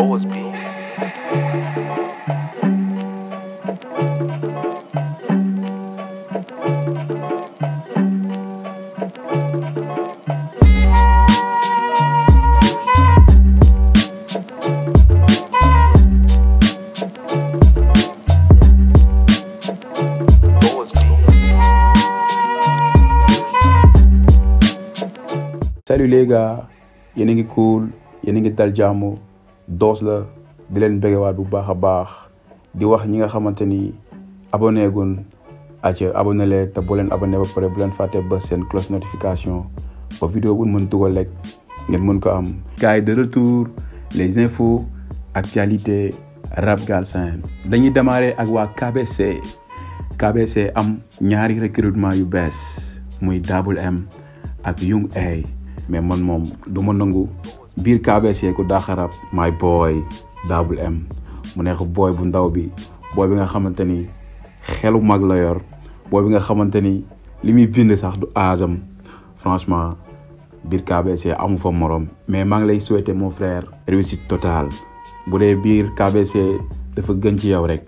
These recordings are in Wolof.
doors be. Salut les gars, y'a cool, y'a Daljamo. doos la di leen bégewaat bu baax a baax di wax ñi nga xamante ni abonné gun aca abonné leen te boo leen abonné ba pare bu leen fàtte ba seen cloche notification ba vidéo bu mën dugal rek ngeen mën ko am gars yi de retour les infos actualité rap galsen dañuy démarrer ak waa KBC KBC am ñaari recrutement yu bees muy Double M ak Young A mais man moom du ma nangu biir KBC ku daaxarab my boy Double M mu nekk booy bu ndaw bi booy bi nga xamante ni xelu mag la yor booy bi nga xamante ni li muy bind sax du asam franchement biir KBC amu fa morom mais maa ngi lay souhaiter mon frère réussite totale bu dee biir KBC dafa gën ci yow rek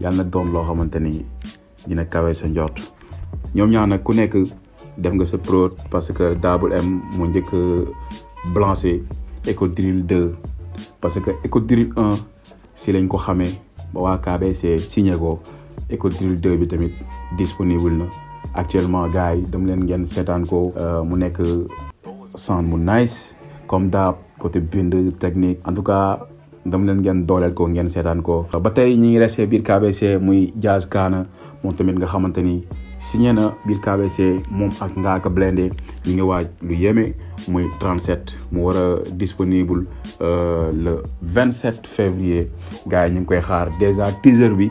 yàlla na doon loo xamante ni dina kawe sa njort ñoom ñaar ku nekk def nga sa pro parce que Double M mu njëkk blanché Ecodrill 2 parce que Ecodrill 1 si lañ ko xamee ba waa KBC signé ko Ecodrill 2 bi tamit disponible na actuellement gars yi dem leen ngeen seetaan ko euh, mu nekk sound mu nice comme daa côté bind technique en tout cas dam leen ngeen dooleel ko ngeen seetaan ko ba tey ñi ngi resee biir KBC muy Jazz kaana moom tamit nga xamante ni signé na biir KBC moom ak Ngaaka Blindé ñu ngi waaj lu yeme yéeme muy 37 mu war a disponible euh, le 27 février gars yi ñu ngi koy xaar déjà teaser bi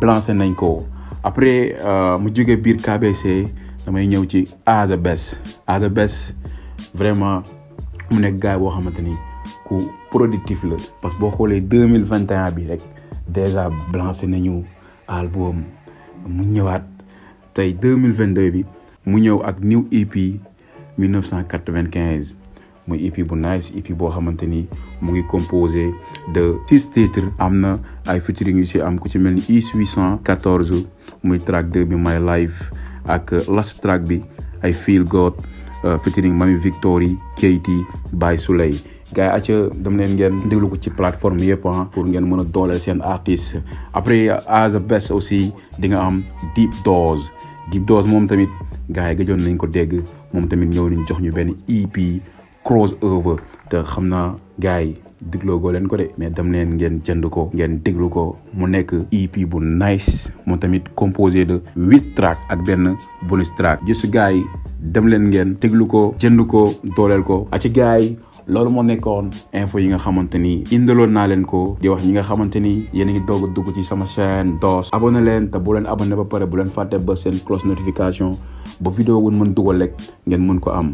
blancé nañ ko après euh, mu jóge biir KBC damay ñëw ci Aza Bes Aza Bes vraiment mu nekk gars boo xamante ni ku productif la parce que boo xoolee deux mille vingt et un rek déjà blancé nañu album mu ñëwaat. tey deux mille vingt deux bi mu ñëw ak new EP mille neuf cent quatre vingt quinze muy EP bu nice EP boo xamante ni mu ngi composé de six titres am na ay featuring yu si am ku ci mel ni is e huit cent quatorze muy track deux bi my life ak last track bi ay feel god euh, featuring Mami Victory Keyti Baye Souley gars yi acca dem leen ngeen déglu ko ci plateforme yëpp ah, pour ngeen mën a dooleel seen artiste après as a best aussi di nga am deep dose deep dose moom tamit gars yi gëjoon nañ ko dégg moom tamit ñëw nañ jox ñu benn EP crossover te xam naa gars yi dégloo goo leen ko de mais dem leen ngeen jënd ko ngeen déglu ko mu nekk EP bu nice moom tamit composé de huit tracks ak benn bonus track gis gars yi dem leen ngeen teglu ko jënd ko dooleel ko ci gaay loolu moo nekkoon info yi nga xamante ni indaloon naa leen ko di wax ñi nga xamante ni yéen a ngi doog a dugg ci sama chaîne dos abonné leen te bu leen abonné ba pare bu leen fàtte ba seen cloche notification ba vidéo wun mën dugal rek ngeen mën ko am.